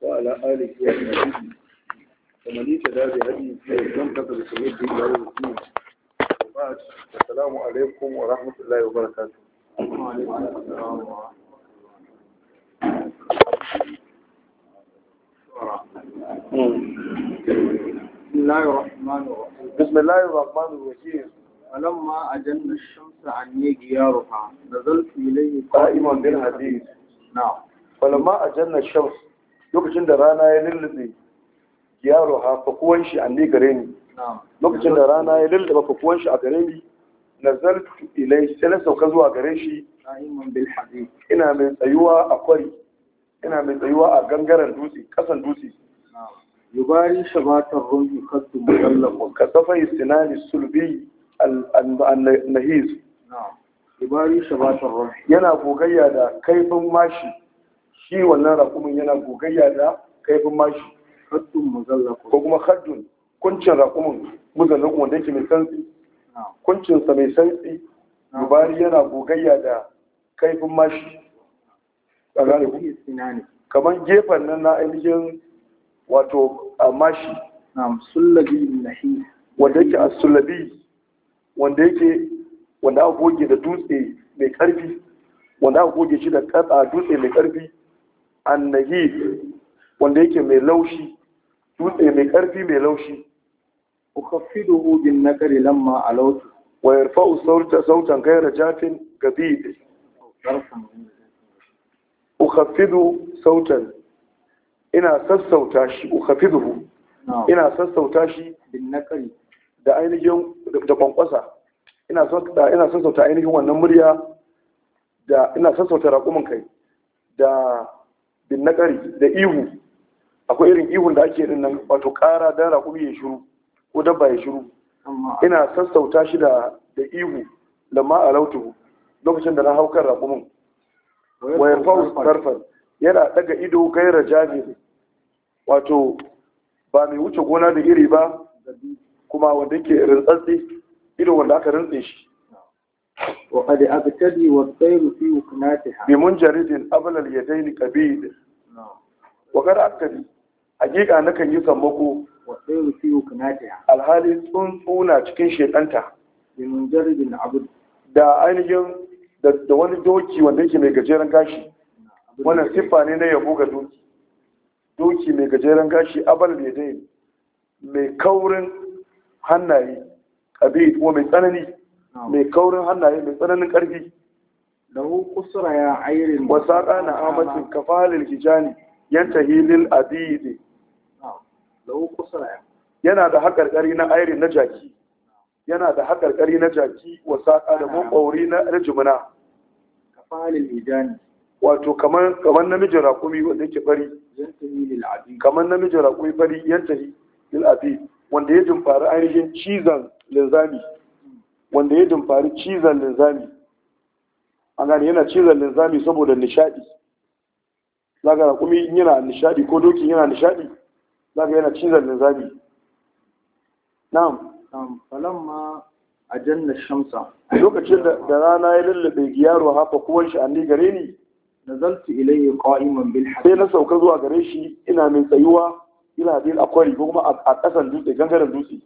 وعلى آله وصحبه ومن يتبع بهديه يستمتع بسنته إلى يوم الدين وبعد السلام عليكم ورحمة الله وبركاته بسم الله الرحمن الرحيم بسم الله الرحمن الرحيم فلما أجن الشمس عن يجيارها نزلت إليه قائما بالحديث نعم فلما أجن الشمس lokacin da rana ya lullube yaro ha fakuwan shi an ne gare ni lokacin da rana ya lullube fakuwan shi a gare ni nazartu ilai sai na sauka zuwa gare shi ina mai tsayuwa a kwari ina mai tsayuwa a gangaren dutse kasan dutse yubari shabatar rumbi kasu musallamu kasafai sinani sulbi al-nahiz yubari shabatar rumbi yana gogayya da kaifin mashi shi wannan raƙumin yana gogayya da kaifin mashi haddun muzallakun ko kuma haddun kuncin raƙumin muzallakun wanda yake mai santsi kuncinsa mai santsi dubari yana gogayya da kaifin mashi a gane kamar gefen nan na ainihin wato a mashi wanda yake a sullabi wanda yake wanda aka goge da dutse mai karfi wanda aka goge shi da dutse mai ƙarfi annahi wanda yake mai laushi dutse mai karfi mai laushi ukaffiduhu bin nakari lamma alawtu wa yarfa'u sawta sautan ghayra jafin gabid ukaffidu sawtan ina sassauta shi ukaffiduhu ina sassauta shi bin nakari da ainihin da kwankwasa ina sassauta ainihin wannan murya da ina sassauta raƙumin kai da bin naƙari da ihu akwai irin ihun da ake nan wato ƙara don raƙumi ya shiru ko dabba ya shiru ina sassauta shi da ihu lamma a lautuhu lokacin da na hau kan raƙumin wayar fa'us tarfan yana ɗaga ido gaira jami'in wato ba mai wuce gona da iri ba kuma wanda yake rintsatsi ido wanda aka rintse shi وقد أبتدي والطير في وكناتها بمنجرد أبل اليدين قبيل wa akari aktari hakika nakan yi sammako wa tsayu fi alhali tsuntsuna cikin shekanta da ainihin da wani doki wanda yake mai gajeren gashi wannan siffa ne na yabo ga doki doki mai gajeren gashi abal mai dai mai kaurin hannaye abi kuma mai tsanani mai kaurin hannaye mai tsananin karfi da hukusura ya ayrin wasaqa na amatin kafalin hijani yantahi lil abidi yana da haƙarƙari na airi na jaki yana da haƙarƙari na jaki wa da maƙwauri na jimina wato kamar namijin raƙumi wanda yake fari kamar namijin raƙumi fari yantahi lil abidi wanda ya jimfari ainihin cizon linzami wanda ya jimfari cizon linzami an gane yana cizon linzami saboda nishaɗi za ka raƙumi yana nishaɗi ko doki yana nishaɗi za ka yana cizon zabi na'am ma a janna shamsa lokacin da rana ya lullube giyaro hafa kuwan shi an gare ni zalti ilayhi ƙa'iman bil sai na sauka zuwa gare shi ina mai tsayuwa ina bil akwari ko kuma a ƙasan dutse gangaren dutse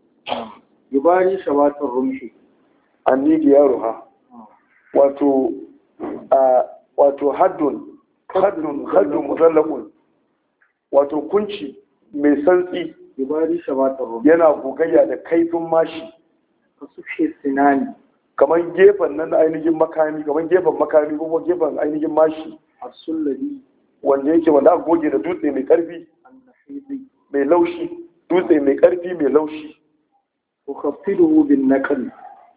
yubari shawatar rumshi An anni giyaruha wato wato haddun Haddun khadnun musallaqun wato kunci mai santsi yana gogayya da kaifin mashi kamar gefen nan ainihin makami kamar gefen makami ko gefen ainihin mashi wanda yake wanda aka goge da dutse mai karfi mai laushi dutse mai karfi mai laushi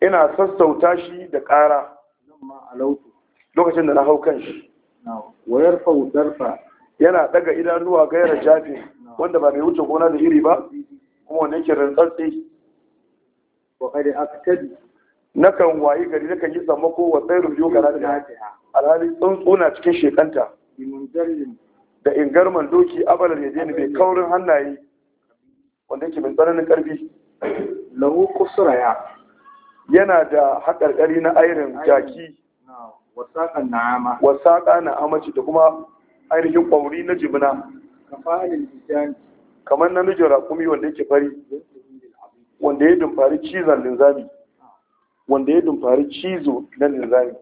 ina sassauta shi da ƙara lokacin da na hau kan shi wayar yarfa'u yana daga idanuwa gaira jafi wanda ba mai wuce gona da iri ba kuma wanda yake rantsatsi wa tabi na nakan wayi gari kan yi sammako wa tsairu biyu ga lafiya alhali tsuntsuna cikin shekanta da ingarman doki abalar ya ni mai kaurin hannaye wanda yake mai tsananin karfi lahu ya yana da haƙarƙari na airin jaki wasaƙa na wasaƙa da kuma ainihin ƙwauri na jimina. kamar na namijin raƙumi wanda yake fari wanda ya dumfari cizon linzami wanda ya dumfari cizo na linzami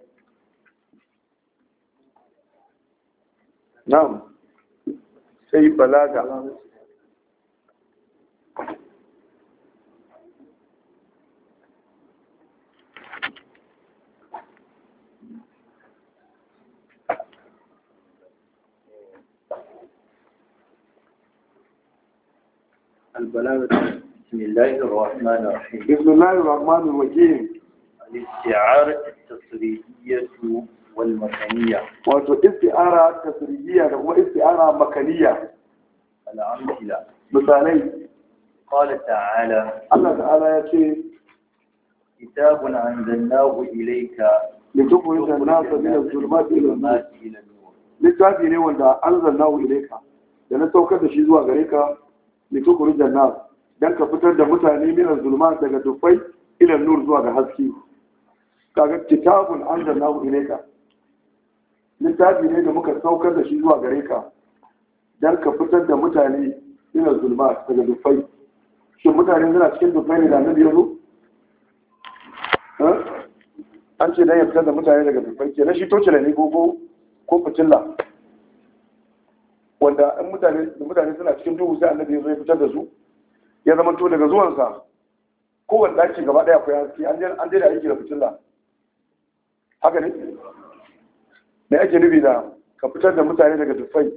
na'am sai balaga البلاغة بسم الله الرحمن الرحيم بسم الله الرحمن الرحيم الاستعارة التصريحية والمكانية وانتو استعارة تصريحية هو استعارة مكانية الأمثلة مثالي قال تعالى الله تعالى يا شيخ كتاب أنزلناه إليك لتخرج الناس من الظلمات إلى النور لتعرف إليه وأنت أنزلناه إليك لأن توكد شيء زوا غريك litukuri jannas dan ka fitar da mutane min zulma daga dufai ila nur zuwa ga haske kaga kitabun anzalnahu ilayka littafi ne da muka saukar da shi zuwa gare ka dan ka fitar da mutane ila zulma daga dufai shin mutane suna cikin dufai ne da annabi yazo an ce dan ya fitar da mutane daga dufai na shi toce ne gogo ko fitilla wanda in mutane suna cikin duhu sai annabi ya zo ya fitar da su ya zama to daga zuwansa kowane ake gaba ɗaya akwai haske an daina aiki da fitilla haka ne me ake nufi da ka fitar da mutane daga dufai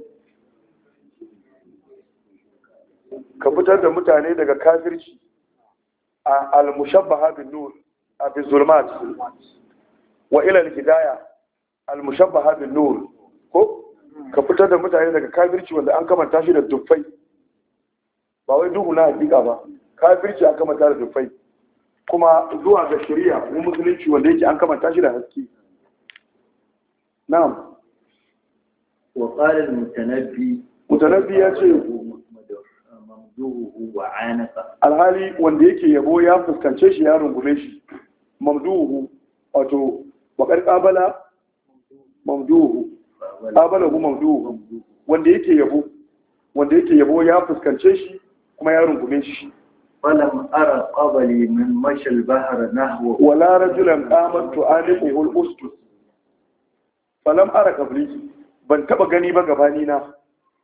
ka fitar da mutane daga kafirci a al-mushabbaha bin nur a bi zulmat wa ila al-hidaya al-mushabbaha bin nur ko ka fitar da mutane daga kafirci wanda an kamanta shi da dufai ba wai duhu na hakika ba kafirci an kamanta da dufai kuma zuwa ga shari'a ko musulunci wanda yake an kamanta shi da haske na'am wa qala al-mutanabbi mutanabbi ya ce mamduhu wa anasa alhali wanda yake yabo ya fuskance shi ya rungume shi mamduhu wato wa qarqabala mamduhu abalagu mawduhu wanda yake yabo wanda yake yabo ya fuskance shi kuma ya rungume shi Walam ara qabali min mashal bahra nahwa wala rajulan qamat alihi al-ustus falam ara qabli ban taba gani ba gabani na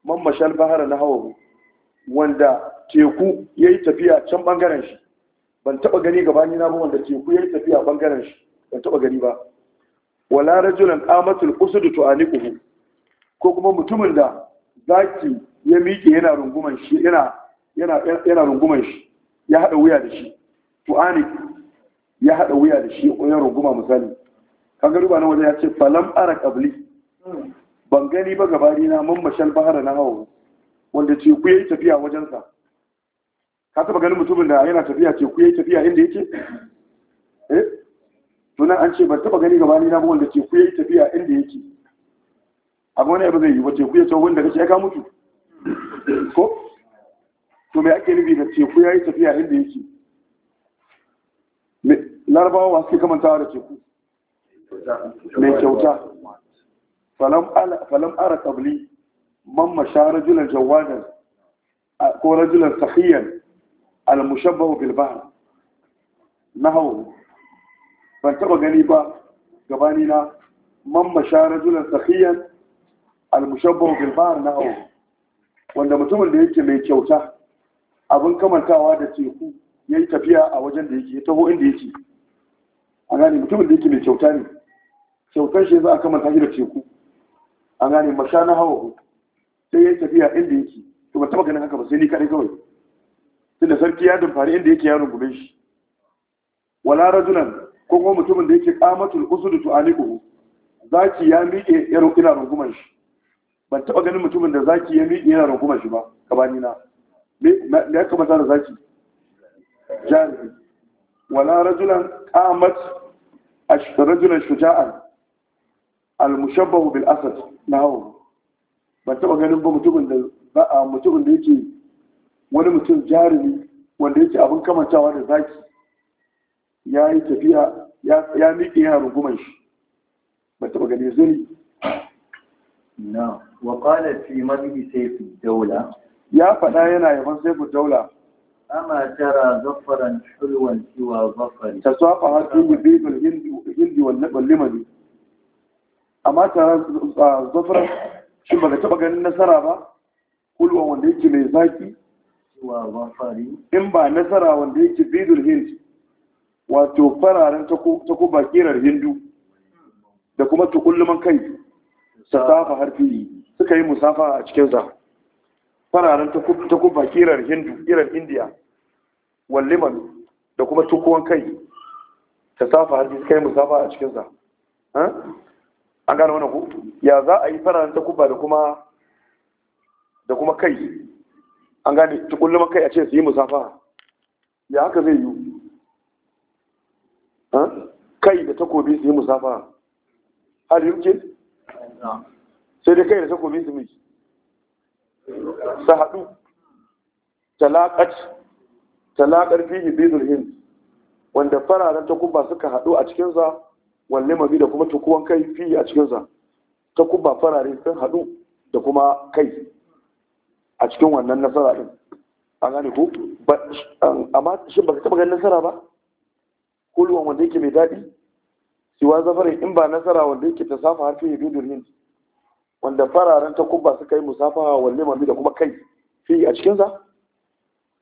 man mashal bahra nahwa wanda teku yayi tafiya can bangaren shi ban taba gani gabani na ba wanda teku yayi tafiya bangaren shi ban taba gani ba wala rajulan qamatul usud tu'aniquhu ko kuma mutumin da zaki ya miƙe yana runguman shi yana yana yana runguman shi ya hada wuya da shi tu'aniq ya hada wuya da shi ko ya runguma misali kaga ruba nan wajen ya ce falam ara qabli ban gani ba gabari na mun mashal bahara na hawo wanda ce ku yayi tafiya wajensa ka taba ganin mutumin da yana tafiya ce ku yayi tafiya inda yake eh tunan an ce ban taba gani ni na wanda ce ku yi tafiya inda yake a wani abu zai yi wace ku ya tsawo wanda kace ya ka mutu ko to me ake nufi da teku yi tafiya inda yake larabawa wasu ke kamantawa da teku mai kyauta falam ara tabli man masha rajulan jawadan ko rajulan sahiyan al-mushabbahu bil na nahawu ban taba gani ba gabani na man mashara julan sahiyan al mushabbah bil bahr na'u wanda mutumin da yake mai kyauta abin kamantawa da teku yayi tafiya a wajen da yake taho inda yake a gane mutumin da yake mai kyauta ne kyautar shi za a kamanta shi da teku a gane mashana na hawa sai yayi tafiya inda yake to ban taba ganin haka ba sai ni kadai kawai tunda sarki ya dumfari inda yake ya rungume shi wala rajulan ko kuma mutumin da yake kamatul usudu tu'aliquhu zaki ya miƙe yaro ina rungumar shi ban taɓa ganin mutumin da zaki ya miƙe yana rungumar shi ba gabani na me ya kamata da zaki jari wala rajulan qamat rajulan shuja'an al-mushabbahu bil asad nahu ban taɓa ganin ba mutumin da ba mutumin da yake wani mutum jarumi wanda yake abin kamantawa da zaki ya yi tafiya ya miƙe ya rungumar shi ba taɓa gane zuri na waƙala fi mafi saifin daula ya faɗa yana yaban saifin daula ama tara zafaran shulwan cewa zafari ta tsafa hatsi yi bebel hindi wannan limari amma tara zafaran shi ba ka taɓa ganin nasara ba Kulwa wanda yake mai zaki in ba nasara wanda yake bidul hindi wato fararen takuba kirar hindu da kuma tukulluman kai safa harfi suka yi musafa a cikinsa fararen takuba kirar hindu kirar indiya walliman da kuma tukuwan kai safa harfi suka yi musafa a cikinsa an gane wani ku ya za a yi fararen takuba da kuma da kuma kai an gane tukulluman kai a ce su yi musafa ya haka zai yi da takobi su yi musafa har yumkin sai dai kai da takobi su mai su haɗu talakat talakar fiye da zurhin wanda fararen takuba suka haɗu a cikinsa wanne mabi da kuma tukuwan kai fiye a cikinsa takuba farare sun haɗu da kuma kai a cikin wannan nasara ɗin an gane ku, um, amma shi ba ka taɓa ganin nasara ba Kuluwan wanda yake mai daɗi siwa zafarin in ba nasara wanda yake ta safa harfi ya bidur hind wanda fararen takubba suka yi musafaha walle mami da kuma kai fi a cikinsa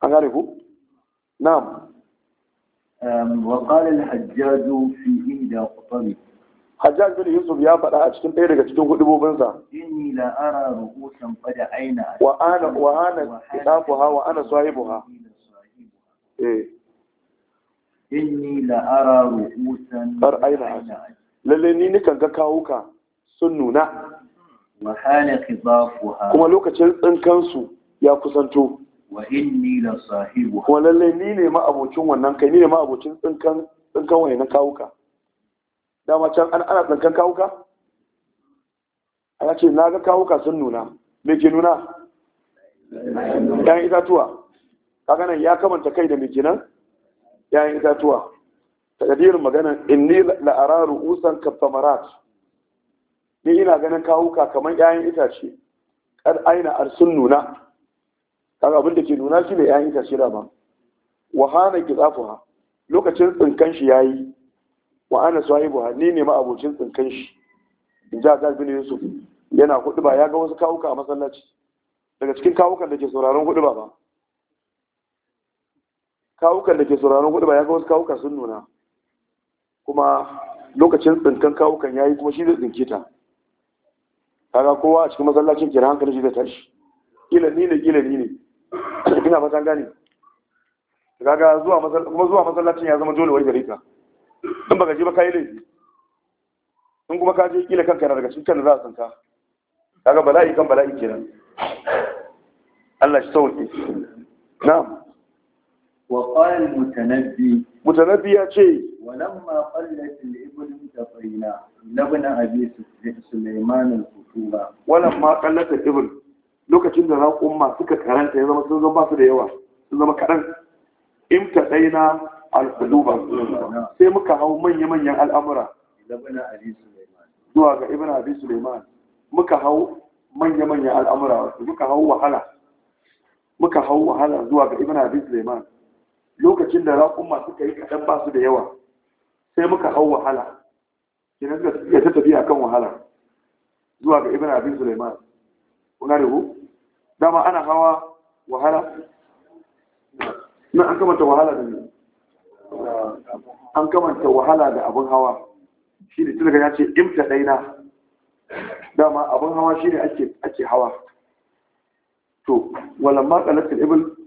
an gane ku na'am وقال الحجاج fi إحدى خطبه Hajjaj bin Yusuf ya faɗa a cikin ɗaya daga cikin hudubobinsa. Inni la ara ruhusan qad aina wa ana wa ana kitabuha wa ana sahibuha. Eh. inni la'ara ru'usan bar aina lalle ni nikan ga kawuka sun nuna wa hala kuma lokacin tsinkansu ya kusanto wa inni la sahibu kuma lalle ni ne ma abocin wannan kai ni ne ma abocin tsinkan tsinkan wayannan kawuka dama can an ana tsinkan kawuka ana ce na ga kawuka sun nuna me ke nuna ɗan itatuwa kaga nan ya kamanta kai da me 'ya'yan itatuwa takadirin magana inni la'ara ru'usan kaftamarat ni ina ganin kawuka kamar 'ya'yan itace Kar aina arsun nuna kaga abin da ke nuna shi ne 'ya'yan itace da ba wa hana lokacin tsinkan shi yayi wa ana sahibuha ni ne ma abocin tsinkan shi in ja ga bin yusuf yana hudu ba ya ga wasu kawuka a masallaci daga cikin kawukan da ke sauraron hudu ba ba kawukan da ke sauraron hudu ba ya ga wasu kawuka sun nuna kuma lokacin tsinkan kawukan ya yi kuma shi zai tsinke ta kaga kowa a cikin masallacin kira hankali shi zai tashi kila ni ne kila ni ne ina fatan gane kaga zuwa kuma zuwa masallacin ya zama dole wai gare ka in baka je ba kai laifi in kuma ka je kila kanka na daga cikin da za a tsinka kaga bala'i kan bala'i kenan Allah shi sauke na'am وقال المتنبي متنبي يا شيء ولما قلت الإبل انتقينا لبن أبي سليمان الكتوبة ولما قلت الإبل lokacin da ran umma suka karanta ya zama sun zama ba su da yawa sun zama kaɗan in ta ɗaina alƙuluba sai muka hau manya-manyan al'amura zuwa ga ibn abi suleiman muka hau manya-manyan al'amura muka hau wahala hau wahala zuwa ga ibn lokacin da raƙun suka yi kaɗan ba su da yawa sai muka hau wahala kenan suka iya ta tafiya kan wahala zuwa ga ibn abin suleiman kuna da ku dama ana hawa wahala na an kamanta wahala da ne an kamanta wahala da abin hawa shi ne tunaga ya ce imta ɗaina dama abin hawa shi ne ake hawa to walamma ƙalatin ibil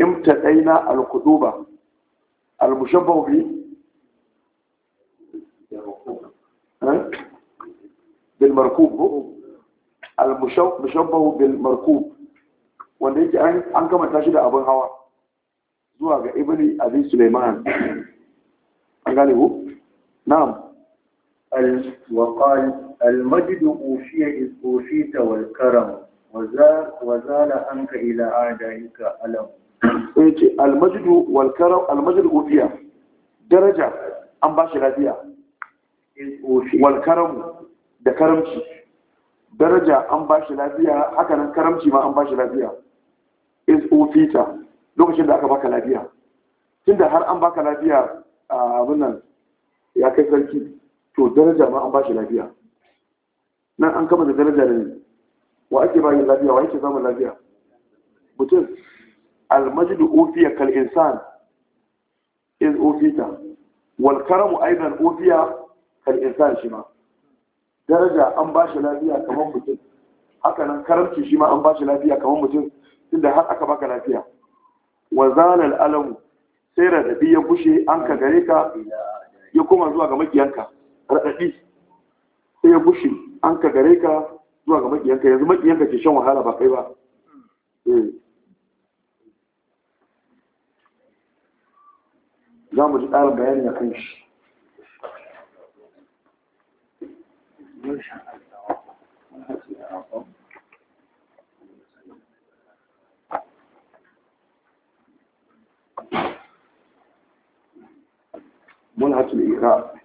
امتقينا القلوب المشبه به بالمركوب المشبه بالمركوب wanda yake an kamata shi da abin hawa zuwa ga Ibni abi Suleiman. an gane ku na'am al-waqal al-majd ufiya is ufita wal karam wa zala anka ila alam sai ce almajidu wal almajidu ofiya daraja an ba shi lafiya wal da karamci daraja an ba shi lafiya hakanan karamci ma an ba shi lafiya is ofita lokacin da aka baka lafiya Tun da har an baka lafiya a abin ya kai sarki to daraja ma an ba shi lafiya nan an kama da daraja ne wa ake bayan lafiya wa yake samun lafiya mutum المجد أوفي كالإنسان إذ أوفيت والكرم أيضا أوفي كالإنسان شما درجة أن باش لا فيها كمان متن هكذا كرمت شما أن باش لا كمان متن إذا حق أكباك لا فيها وزال الألم سيرة دي يبوشي أنك غريكا يكوما زواغ مكيانكا رأتي sai ya bushe an ka zuwa ga makiyanka yanzu makiyanka ke shan wahala ba kai ba جامد الأربع يعني يقينش منهة الإيراء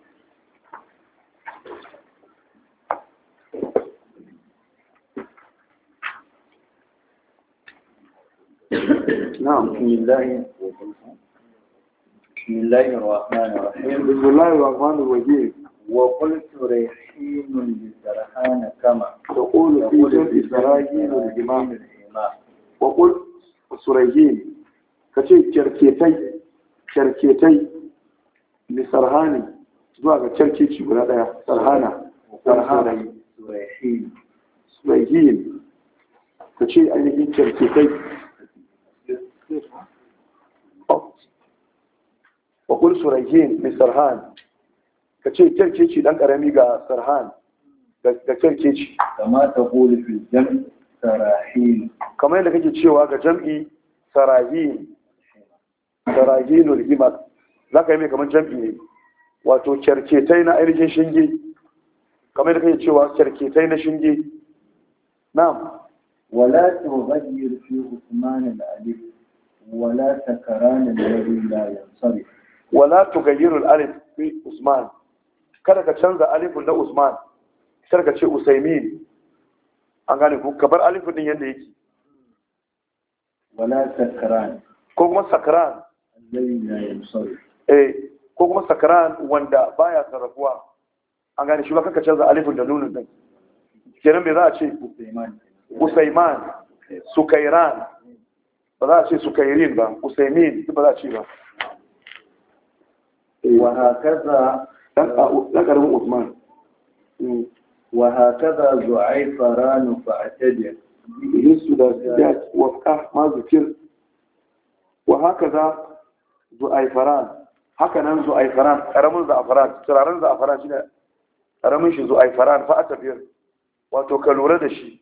نعم بسم الله الله الرحمن الرحيم بسم الله الرحمن الرحيم وقلت ريحين للسرحان كما تقول في سراجين الجمام وقلت سريحين كتير كركيتي كركيتي لسرحاني zuwa ga carkeci guda daya sarhana sarhana suraihim ka ce ainihin carkekai faƙul surajin mai sarhan ka ce kyarkeci ɗan ƙarami ga sarhan ga kyarkeci ta ƙoli fi jam'i sarahin kamar yadda kake cewa ga jam'i sarahin sarahin himar za ka yi mai kamar jam'i ne wato kyarketai na ainihin shinge kamar yadda kake cewa kyarketai na shinge na'am wala tughayyir fi usman al-alif wala ta takaran na ladhi la yansarif wala tughayyiru al-alif fi usman kada ka canza alifun na usman kada ka ce usaimin an gane ku ka bar alifun din yanda yake wala sakran ko kuma sakran eh ko kuma sakran wanda baya sarrafuwa an gane shi ba ka canza alifun da nun din kenan me za a ce usaiman sukairan ba za a ce sukairin ba usaimin ba za a ce ba wa hakaza ah, dan karamin Usman wa hakaza zu'ai faranu fa atadi yusu da sidat wa ka ma zikir wa hakaza zu'ai faran haka nan zu'ai faran karamin za'afaran turaren za'afaran shine faran fa atafir wato ka lura da shi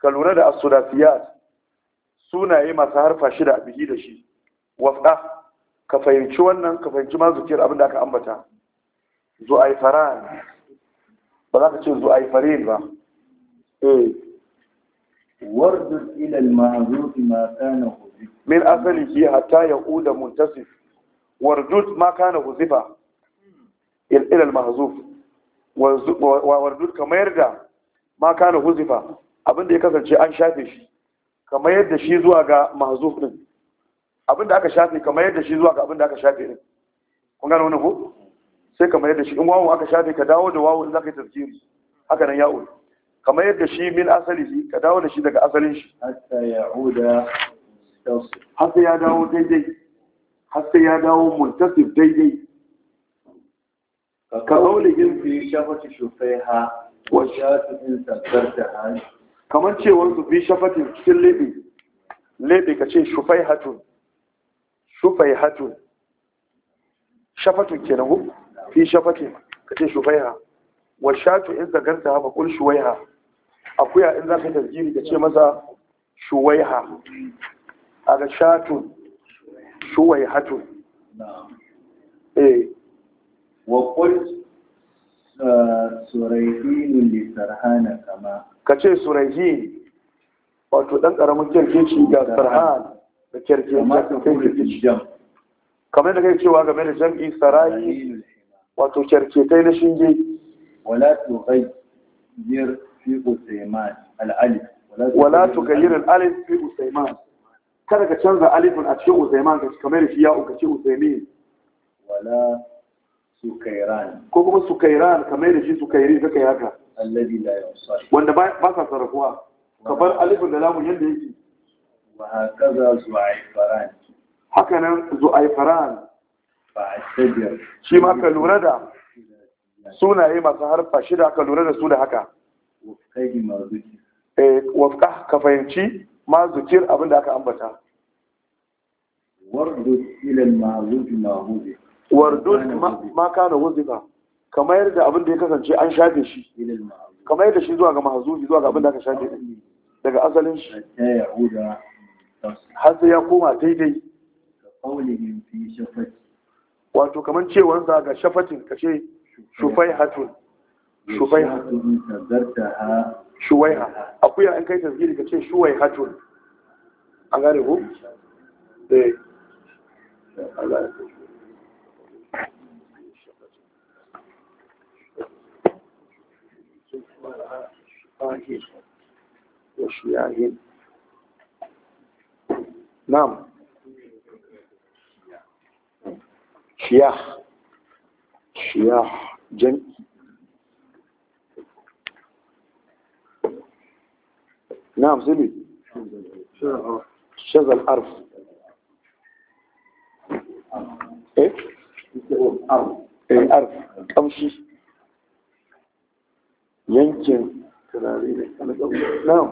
ka lura da da sudasiyat sunaye masu harfa shida biki da shi wafda ka fahimci wannan ka fahimci ma zuciyar abin da aka ambata zu'aifaran ba za ka ce zu'aifarin ba eh. wardun ilal ma'azufi ma kana huzifa min asali asalihi hatta yaquda muntasif wardud ma kana huzifa ilal ma'zuf wa ka mayar da ma kana huzifa abinda ya kasance an shafe shi Ka mayar da shi zuwa ga ma'zuf din abinda aka shafe kamar yadda shi zuwa ga abinda aka shafe din kun gane wannan ko sai kamar yadda shi in wawo aka shafe ka dawo da wawo in zaka yi tafsiri haka nan ya'ud kamar yadda shi min shi ka dawo da shi daga asalin shi hatta ya'uda har sai ya dawo daidai har ya dawo muntasib daidai ka yin fi shafati shufaiha wa da hannu. kamar cewar su fi shafatin cikin lebe lebe ka ce shufaihatun Shufai hatun. shafatun kenan ko fi Ka ce shufaiha wa shatu in zakarta ha shuwai shuwaiha akuya in zaka ka ce masa shuwaiha aga shatun shuwaihatun eh wa qul eh, suraihin li kama ka ce suraihin wato dan karamin kirkeci ga sarhan da kyarkeniya sun kai rikici kamar da kai cewa game da jam'i sarayi wato kyarketai na shinge wala tughayyir fi usayman wala tughayyir al-alif fi usayman kada ka canza alifin a cikin usayman ka kamar shi ya uka ce usaymin wala sukairan ko kuma sukairan kamar da shi sukairi kaka yaka alladhi la wanda ba sa sarrafuwa ka bar alifin da lamun yanda yake haka nan zu'aifaran shi ma ka lura da sunaye masu harfa shi da ka lura da su da haka wafka ka fahimci ma zukir abin da aka ambata wardus ma kana wuzifa kamar da abin da ya kasance an shafe shi kamar da shi zuwa ga mahazubi zuwa ga abin da aka shafe daga asalin shi har sai ya koma daidai wato kamar cewansa ga shafatin kashe shufai hatun shufai hatun shuwai ha akuya an kai tasgiri ka ce shuwai hatun an gane ku? eh وشياهين na'am shiyah shiyah jam'i na'am sai shazal arf eh? eh arf kamshi yankin turare ne na'am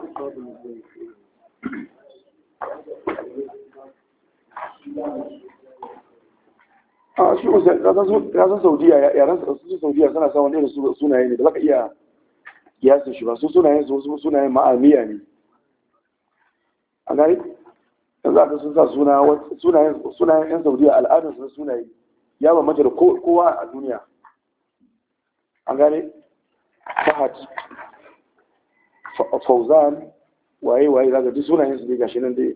a shi rasan saudiya yaran su saudiya suna samun irin sunaye ne da baka iya kiyasin shi ba su sunayen su wasu sunayen ma'amiya ne a gari yanzu aka sun sa sunayen yan saudiya al'adun su sunaye ya ba mace da kowa a duniya a gari fahad fauzan waye waye zaga duk sunayen su ne gashi nan dai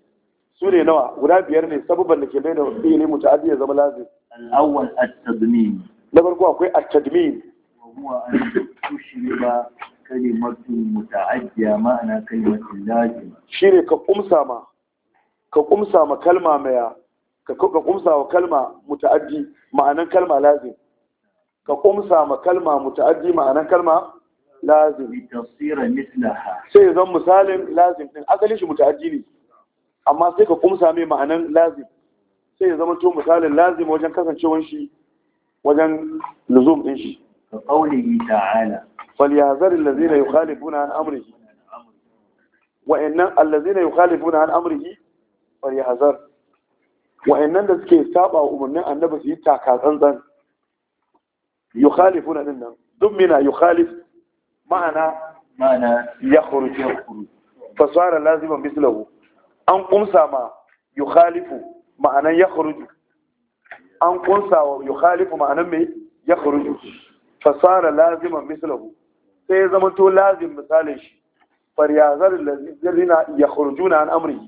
su ne nawa guda biyar ne sabubban da ke bai da fi'ili muta'addi ya zama lazim al-awwal at-tadmin na farko akwai at-tadmin huwa an tushriba kalimatu muta'addiya ma'ana kalimatu lazim shine ka kumsa ma ka kumsa ma kalma maya ka kumsa wa kalma muta'addi ma'anan kalma lazim ka kumsa ma kalma muta'addi ma'anan kalma lazim tafsira mislaha sai zan misalin lazim din asalin shi muta'addi ne amma sai ka kumsa mai ma'anan lazim sai ya zama to misalin lazim wajen kasancewar shi wajen luzum din shi ka qaulihi ta'ala falyahzar allazina yukhalifuna an amrihi wa innan allazina yukhalifuna an amrihi falyahzar wa innan da suke saba umarnin annabi su yi taka tsantsan yukhalifuna din nan duk mina yukhalif ma'ana ma'ana yakhruj fasara laziman mislahu an kunsa ma khalifu ma'anan ya kharuju an kunsa wa khalifu ma'anan mai ya kharuju fasara laziman mislahu sai ya zama to lazim misalin shi faryazar lazina ya na an amri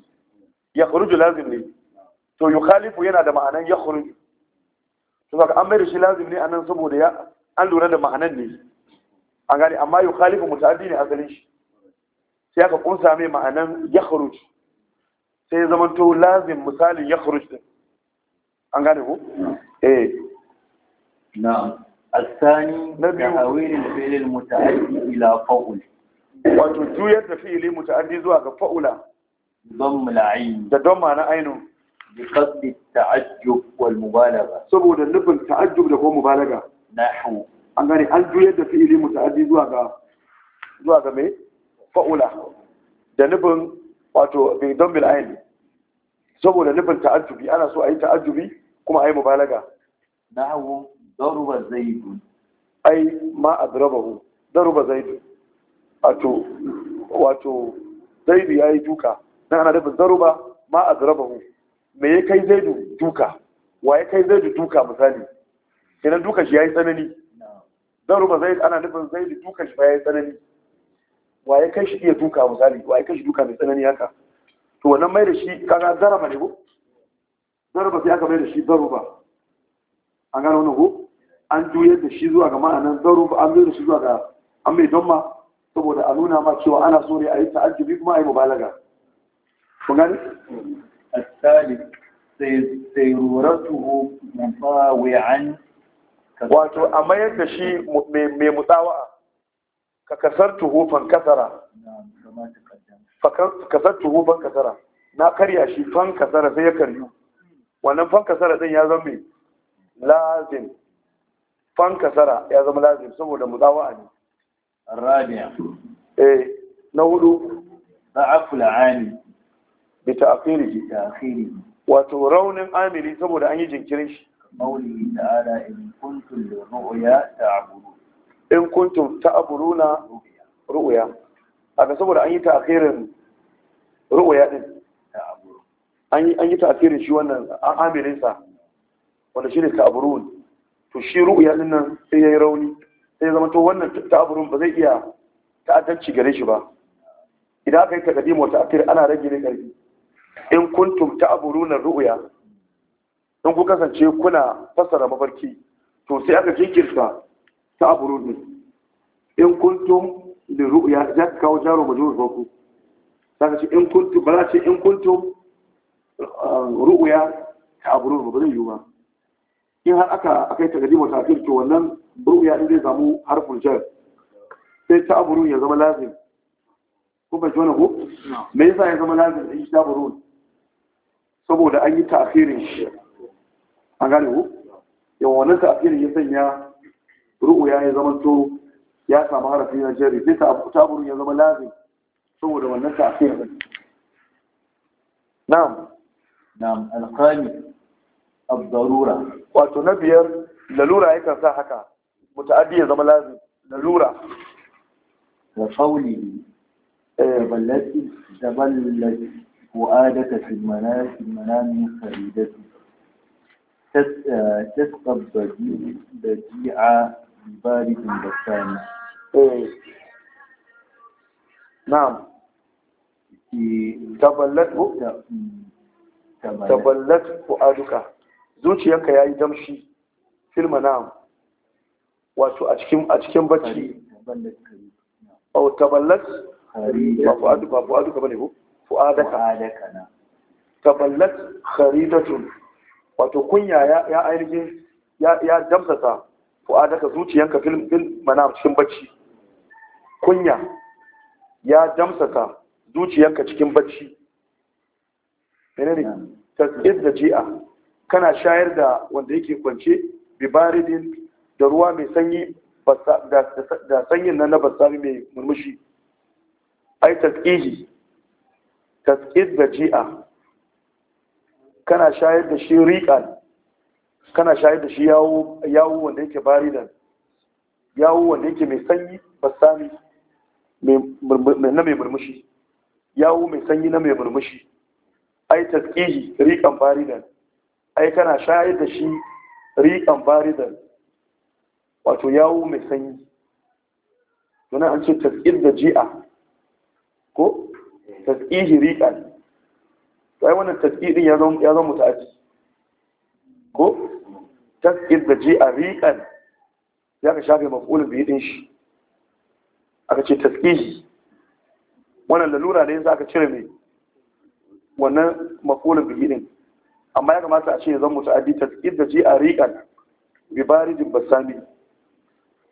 ya kharuju lazim ne to khalifu yana da ma'anan ya kharuju to ka an mai shi lazim ne anan saboda ya an lura da ma'anan ne an gani amma khalifu mutaaddi ne asalin shi sai aka kunsa mai ma'anan ya kharuju sai ya zama to lazim misalin ya khuruj din an gane ku eh Na na'am الثاني تحويل filin المتعدي ila fa'ul wato juyar da fi'ili muta'addi zuwa ga fa'ula don al-ayn da dhamma na ainihin bi qasdi ta'ajjub wal mubalaga saboda nufin ta'ajjub da ko na hau an gane an juyar da fi'ili muta'addi zuwa ga zuwa ga mai? fa'ula da nufin wato bai don bil ayin saboda nufin ta'ajjubi ana so a yi ta'ajjubi kuma a yi mubalaga nahu daruba zaidu ai ma adrabahu daruba zaidu wato wato zaidu yayi duka nan ana nufin daruba ma adrabahu me ya kai zaidu duka wa ya kai zaidu duka misali kenan duka shi yayi tsanani daruba zaidu ana nufin zaidu duka shi ba yayi tsanani wa ya kai shi iya duka misali wa ya kai shi duka mai tsanani haka to wannan mai da shi kaga zaraba ne ko zaraba sai aka mai da shi zaruba. an gano wannan ko an juyar da shi zuwa ga ma'anan zaruba an juyar da shi zuwa ga an mai don ma saboda a nuna ma cewa ana so ne a yi ta'ajjubi kuma a yi mubalaga kun gani asali sai ruratuhu mutawi'an wato a mayar da shi mai mutawa'a ka kasartuhu fan fan na karya shi fan kasara sai ya karyu wannan fan kasara din ya zama lazim fan ya zama lazim saboda mudawa ne الرابع إيه نقول ضعف العامل بتأخيره بتأخيره وترون عامل سبب أن يجنكرش قوله تعالى إن كنتم للرؤيا تعبدون in kuntum ta'buruna ru'ya aka saboda an yi ta'khirin ru'ya din an yi an yi ta'khirin shi wannan an amirin sa wanda shine ta'burun to shi ru'ya din nan sai yayi rauni sai zama to wannan ta'burun ba zai iya ta'addanci gare shi ba idan aka yi takadimu wa ta'khir ana rage ne karfi in kuntum ta'buruna ru'ya in ku kasance kuna fassara mafarki to sai aka jinkirta ta ne in kuntum da ru'ya za ka kawo jaro majurur farko za ka ce in kuntum ba za ce in kuntum um, ru'ya ta ba zai yiwu ba in har aka akai takadimu ta to wannan ru'ya din zai samu harful jar sai ta ya zama lazim ko ba jona ko me yasa ya zama lazim da ta saboda an yi ta'khirin shi an gane ko yawan wannan ta'khirin ya sanya ru'uya ya zama to ya samu harafi na jari sai ta taburin ya zama lazim saboda wannan ta'asir din na'am na'am alqami ad-darura wato na biyar lalura yakan sa haka muta'addi ya zama lazim lalura wa qawli taballati taballati fu'adaka fi manami manami faridati تسقط بديعة bari da sani. بارد بسام نعم تبلته تبلت فؤادك zuciyarka ya yi damshi filma na wato a cikin a cikin bacci au taballat ba fu'adu ba fu'adu ku? bane ko fu'adaka taballat kharidatun wato kunya ya ainihin ya damsasa fu'adaka zuciyanka fil fil mana cikin bacci kunya ya damsaka zuciyanka cikin bacci menene tasqid da ji'a kana shayar da wanda yake kwance bibaridin da ruwa mai sanyi da sanyin nan na basami mai murmushi ai tasqihi tasqid da ji'a kana shayar da shi riƙa. kana shayar da shi yawo wanda yake da yawo wanda yake mai sanyi basami na mai murmushi yawo mai sanyi na mai murmushi ai tasqihi bari da ai kana shayar da shi bari da wato yawo mai sanyi Suna an ce tasqir da ji'a ko tasqihi riqan to ai wannan tasqidin ya zama ya zama ko taskil da ji a riƙan ya ka shafe mafulun biyu ɗin shi aka ce taskihi wannan lalura ne za ka cire mai wannan mafulun biyu ɗin amma ya kamata a ce ya zama muta'addi taskil da ji a riƙan bibarijin basami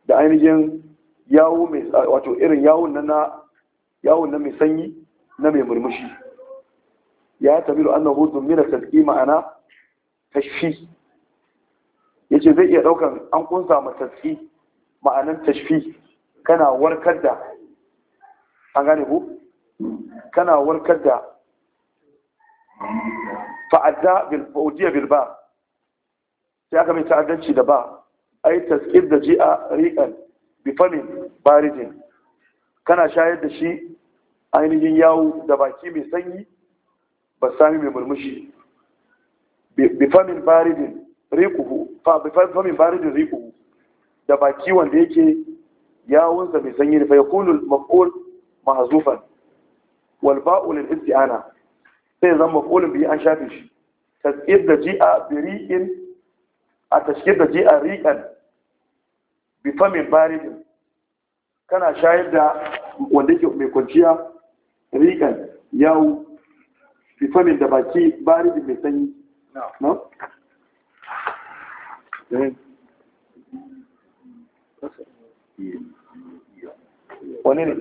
da ainihin yawo mai wato irin yawon na yawon na mai sanyi na mai murmushi ya tabiru annahu dumina tasqi ma'ana tashfi ya ce zai iya ɗaukar an kunsa matasfi ma'anan tashfi kana warkar da an gane ku kana warkar da fa'adda bilbaudiya bilba sai aka mai ta'addanci da ba ai tasir da ji a riƙan bifamin barijin kana shayar da shi ainihin yawo da baki mai sanyi ba sami mai murmushi bifamin barijin riƙuhu famin baridin riƙo da baki wanda yake yawunsa mai sanyi da fayakunul maf'ul mahazufan wal ba'ul isti'ana sai zan maf'ulun biyu an shafe shi tasqir da ji'a bi a tashkir da ji'a riqan bi famin baridin kana shayar da wanda yake mai kwanciya riqan yawo bi famin da baki baridin mai sanyi na'am Eh? wani ne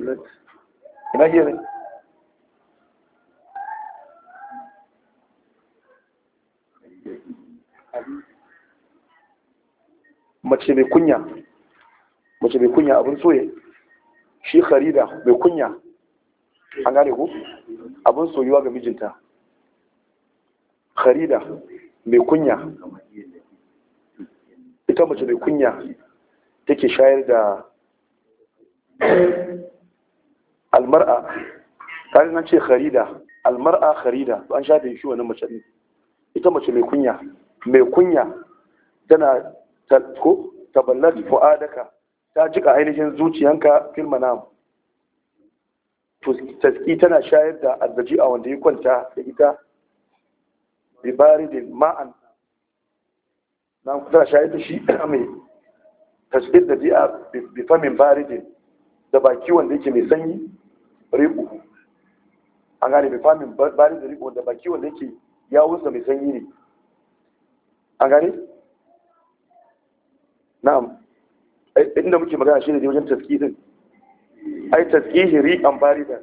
ina iya mace mai kunya mace mai kunya abin soye shi harida mai kunya an gane ku abin soyuwa ga mijinta harida mai kunya ita mace mai kunya take shayar da almar'a tare nan ce kharida almar'a kharida an shafe shi wani mace ne ita mace mai kunya mai kunya tana ko taballat fu'adaka ta jika ainihin zuciyanka fil manam taski tana shayar da arzaji a wanda ya kwanta da ita bibaridin ma'an na kusa shayar da shi a mai tashbir da bi'a bifamin baridin da baki wanda yake mai sanyi riƙo an gane baki wanda yake mai sanyi ne an inda muke magana shi ne wajen taski din ai taski hiri barida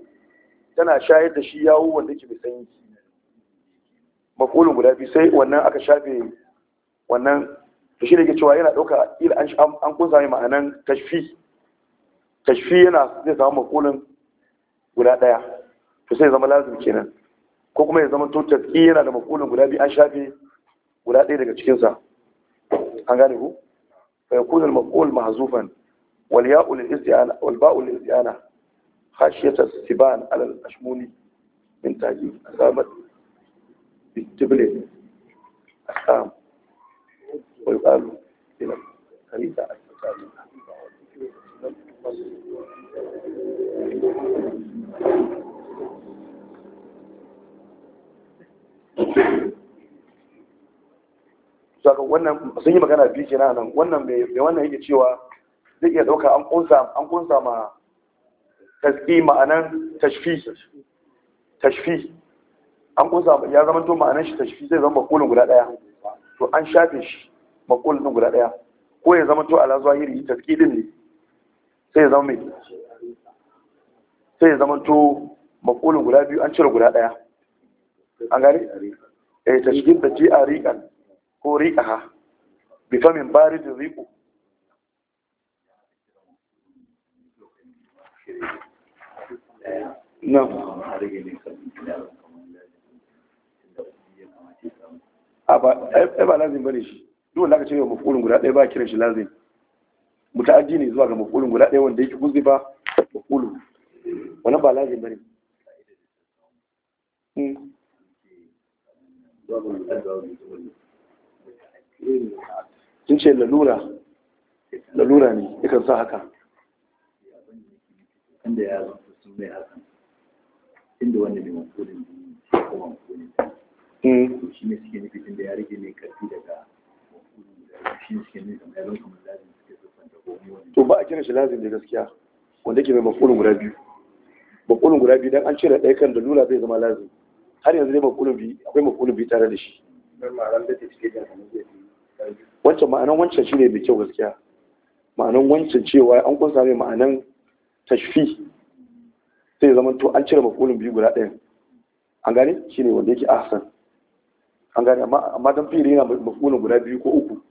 tana shayar da shi yawo wanda yake mai sanyi guda biyu sai wannan aka shafe wannan shi da ke cewa yana ɗauka ila an kunsa mai ma'anan kashfi kashfi yana zai samu makulin guda ɗaya to sai zama lazim kenan ko kuma ya zama to taski yana da makulin guda biyu an shafe guda ɗaya daga cikinsa an gane ku fa yakun al maqul mahzufan wal ya'u lil isti'ana wal ba'u lil isti'ana khashiyat as-siban ala al ashmuni min tajib asabat bitible asam ويقال إلى خريطة التسامح saka wannan sun yi magana biyu kenan nan wannan mai wannan yake cewa zai iya dauka an kunsa an kunsa ma tasbi ma'anan tashfi tashfi an kunsa ya zama to ma'anan shi tashfi zai zama kulun guda daya to an shafe shi makul ɗin guda ɗaya ko ya zama to ala zahiri taskidin ne sai ya zama mai sai ya zama to maƙulin guda biyu an cire guda ɗaya an gane eh tashkil da a riqan ko riqaha bi famin barid riqu na a ba lazim bane shi duk wanda aka ce wa mafulun guda ɗaya ba a kiran shi lazim muta'addi ne zuwa ga mafulun guda ɗaya wanda yake guzifa mafulu wannan ba lazim bane hmm. sun ce lalura lalura ne ikan sa haka inda ya zama su mai hakan inda wanda mai mafulin ko mafulun hmm. shi ne suke nufi inda ya rage mai karfi daga to ba a kira shi lazim da gaskiya wanda ke mai makulun guda biyu makulun guda biyu don an cire ɗaya kan da lura zai zama lazim har yanzu ne makulun biyu akwai makulun biyu tare da shi wancan ma'anan wancan shi ne mai kyau gaskiya ma'anan wancan cewa an kun sami ma'anan tashfi sai zama to an cire makulun biyu guda ɗayan an gane shi ne wanda yake ahsan an gane amma don fili yana makulun guda biyu ko uku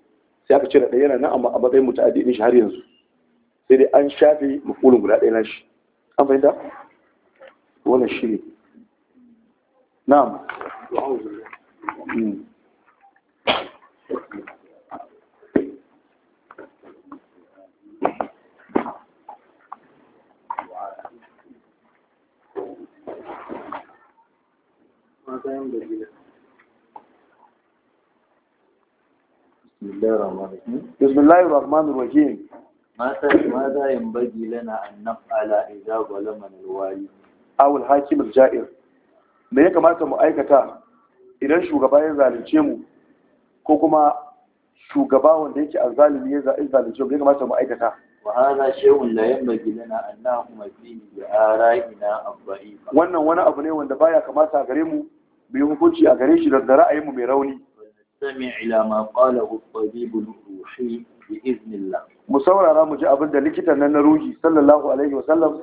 sai aka cire ɗaya yana na'am a matsayin muta'addi din shi har yanzu sai dai an shafe mafulun guda ɗaya nashi an fahimta wannan shi ne na'am Thank you. بسم الله الرحمن الرحيم ماذا ينبغي لنا أن نفعل إذا ظلمنا الوالي أو الحاكم الجائر me ya kamata mu aikata idan shugaba ya zalunce mu ko kuma shugaba wanda yake azzalimi ya zalunce mu ya kamata mu aikata wa hada shay'un la yanbaghi lana an nahkuma fihi bi ara'ina ad-da'ifa wannan wani abu ne wanda baya kamata a gare mu mu hukunci a gare shi da ra'ayin mu mai rauni سمع إلى ما قاله الطبيب الروحي بإذن الله مصورة رامج أبدا لكتنا نروجي صلى الله عليه وسلم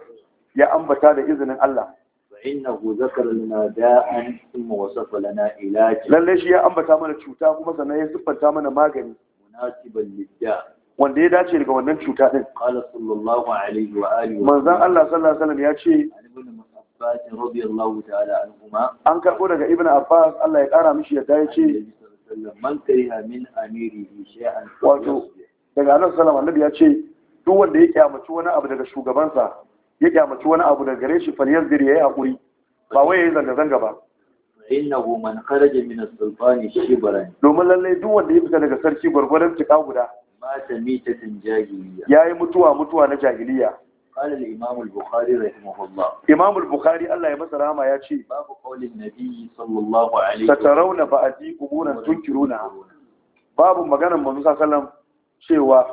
يا أنبتا بإذن الله فإنه ذكر لنا داء ثم وصف لنا إلاج لن ليش يا أنبتا من الشوتا ومسا نيسف التامن ماغني مناسبا للداء wanda ya dace daga wannan cuta din qala sallallahu alaihi wa alihi manzon Allah sallallahu alaihi ya ce ibn abbas radiyallahu ta'ala anhuma an karbo daga ibn abbas Allah ya kara mishi yadda ya ce wasallam wato daga sallallahu alaihi ya ce duk wanda ya kyamaci wani abu daga shugabansa ya kyamaci wani abu daga gare shi yayi hakuri ba wai yayi zanga zanga ba domin lalle duk wanda ya fita daga sarki gurgurdan tuka guda mata yayi mutuwa mutuwa na jahiliya قال الإمام البخاري رحمه الله إمام البخاري الله يمسى رحمة يا باب قول النبي صلى الله عليه وسلم سترون بعدي أمورا تنكرونها باب مغانا من صلى الله شيوا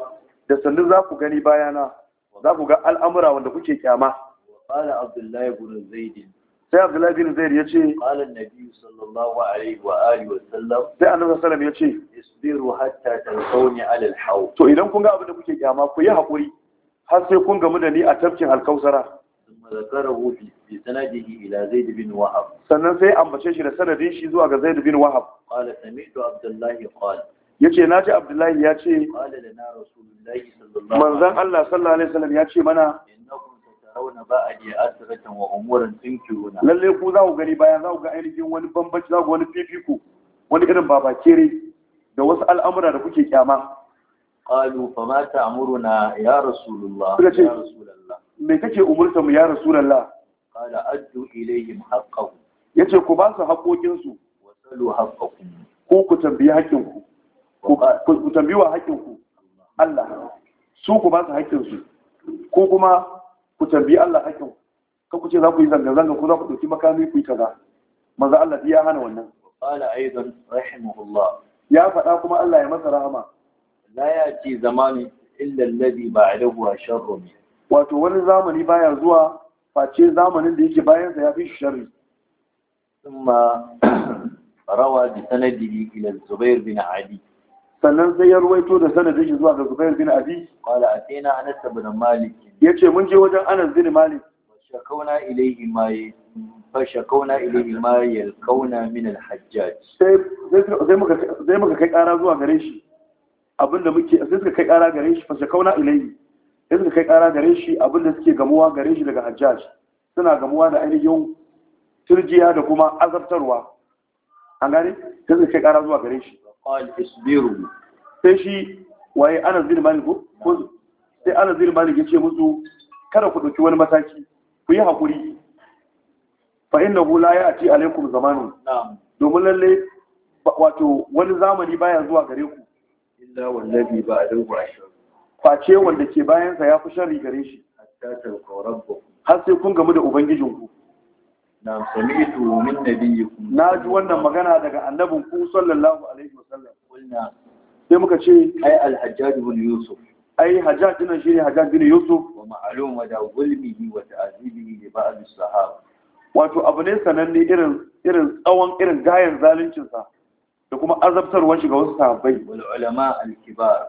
da sannu za ku gani bayana za ku ga al'amura wanda kuke kyama. Kala Abdullahi bin Zaidin. Sai Abdullahi bin Zaid ya ce, Kala Nabi sallallahu alaihi wa alihi wa sallam. Sai Annabi sallam ya ce, Isbiru hatta tansawni alal haw. To idan kun ga abin da kuke kyama kuyi hakuri. har sai kun gamu da ni a tafkin alkausara sannan sai ambace shi da sanadin shi zuwa ga zaid bin wahab qala sami'tu abdullahi qala yace na naji abdullahi ya ce manzon Allah sallallahu alaihi wasallam ya ce mana tarawna ba'adi asratan wa umuran tunkiruna lalle ku za ku gani bayan za ku ga ainihin wani bambanci za ku wani fifiko wani irin babakere da wasu al'amura da kuke kyama qalu fa ma ta'muruna ya rasulullah suka ce me kake umurta mu ya rasulullah qala addu ilayhim haqqahu yace ku ba su haƙoƙin su wasalu haqqakum ku ku tambayi haƙƙin ku ku tambayi wa ku Allah su ku ba su haƙƙin su ko kuma ku tambayi Allah haƙƙin ku ka ku ce za ku yi zanga zanga ko za ku ɗauki makami ku yi kaza manzo Allah ya hana wannan qala aidan rahimahullah ya faɗa kuma Allah ya masa rahama la yati zamanu illa alladhi ba'dahu sharru min wato wani zamani baya zuwa face zamanin da yake bayan sa fi sharri thumma rawa bi sanadihi ila zubair bin adi sannan sai ya ruwaito da sanadin shi zuwa ga zubair bin adi qala atina anas bin malik ce mun je wajen anas bin malik shakauna ilayhi ma fashakauna ilayhi ma yalkauna min alhajjaj sai sai muka kai kara zuwa gare shi abinda muke sai suka kai ƙara gare shi fashe kauna ilayhi sai suka kai ƙara gare shi abinda suke gamuwa gare shi daga hajjaj suna gamuwa da ainihin turjiya da kuma azabtarwa an gane sai suka kai ƙara zuwa gare shi sai shi waye ana zini malik ko sai ana zini malik ya ce musu kada ku ɗauki wani mataki ku yi haƙuri fa inna la ya ati alaikum zamanun domin lalle wato wani zamani baya zuwa gare ku illa wallazi ba'dahu ashar face wanda ke bayan sa yafi sharri gare shi hatta tawqa rabbukum har sai kun gamu da ubangijinku na sami'tu min nabiyyikum na ji wannan magana daga annabin ku sallallahu alaihi wasallam qulna sai muka ce ai al-hajjaj ibn yusuf ai hajjaj din shi ne hajjaj ibn yusuf wa ma'lum wa da zulmihi wa ta'zibihi li ba'd as-sahaba wato abu ne sananne irin irin tsawon irin gayan zalincin sa da kuma azabtarwar shi ga wasu sahabbai wal ulama al kibar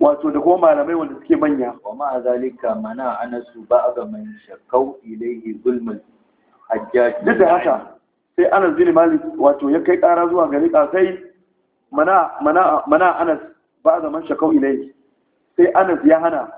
wato da kuma malamai wanda suke manya wa ma zalika mana anasu ba ga man shakau ilayhi zulmul hajjaj duk da haka sai anas bin malik wato ya kai kara zuwa gari kasai mana mana mana anas ba'da man shakau ilayhi sai anas ya hana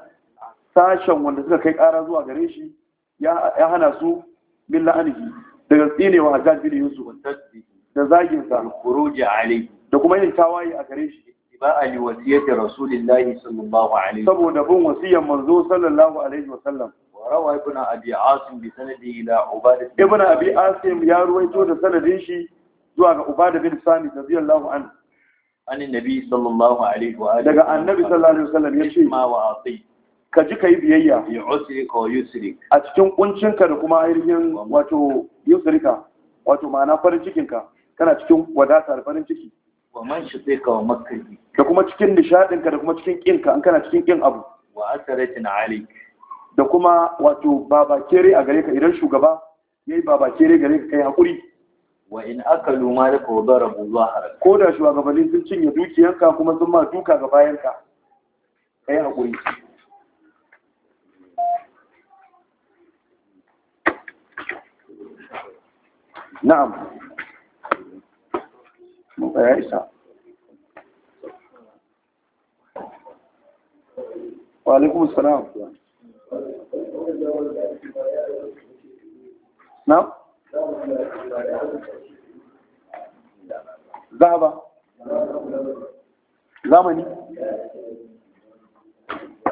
sashen wanda suka kai kara zuwa gare shi ya hana su bin la'anihi daga tsinewa hajjaj bin yusuf tasbihi da zagin sa khuruji alayhi da kuma yin tawaye a gare shi ba ali wasiyati rasulillahi sallallahu alaihi saboda bin wasiyar manzo sallallahu alaihi wasallam وروى ابن أبي عاصم بسنده إلى عبادة ابن أبي عاصم يا رويتو ده سنده شي زوا عبادة بن سامي رضي الله عنه عن النبي صلى الله عليه وآله daga annabi sallallahu alaihi wasallam yace ma wa ati ka ji kai biyayya ya usrika ko yusrik a cikin kuncinka da kuma ainihin wato yusrika wato ma'ana farin cikinka kana cikin wadata da farin ciki wa man shi shiqqa wa makri da kuma cikin nishadin ka da kuma cikin ka an kana cikin kin abu wa asaratin alik da kuma wato babakere a gare ka idan shugaba yayi babakere gare ka kai hakuri wa in akalu ma da ko darabu zaharak ko da shugabannin sun cinye dukiyarka kuma sun ma duka ga bayanka kai hakuri na'am muka ya isa walaikun salam na? zaba zamani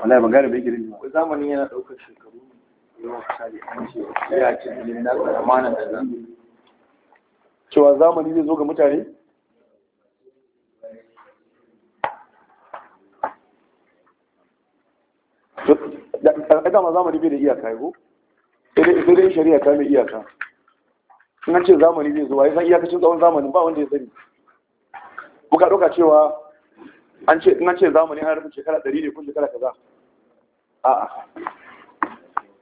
wallahi ban gane bai girin ne zamani yana daukar shekaru yawan misali an ce ya cikin ilimin na tsammanin da zan cewa zamani zai zo ga mutane da ma zamani bai da iyaka yago sai dai shari'a ta mai iyaka in an ce zamani zai zuwa ya san iyakacin tsawon zamanin ba wanda ya sani muka ɗauka cewa an ce ce zamani an rufin shekara ɗari ne ko shekara kaza a'a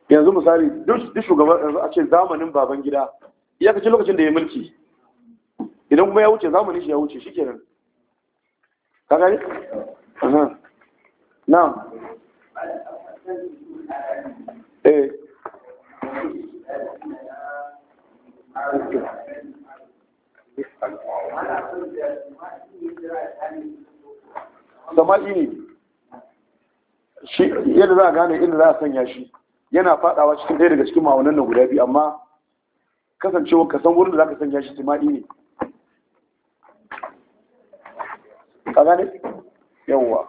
yanzu misali duk shugaban yanzu a ce zamanin baban gida iyakacin lokacin da ya mulki idan kuma ya wuce zamanin shi ya wuce shi kenan ka gani? na'am Eh. sama'i ne shi yadda za a gane inda za a sanya shi yana fadawa cikin ɗaya daga cikin ma'aunan nan guda biyu amma kasancewa ka san wurin da za ka sanya shi sama'i ne ka gane yawwa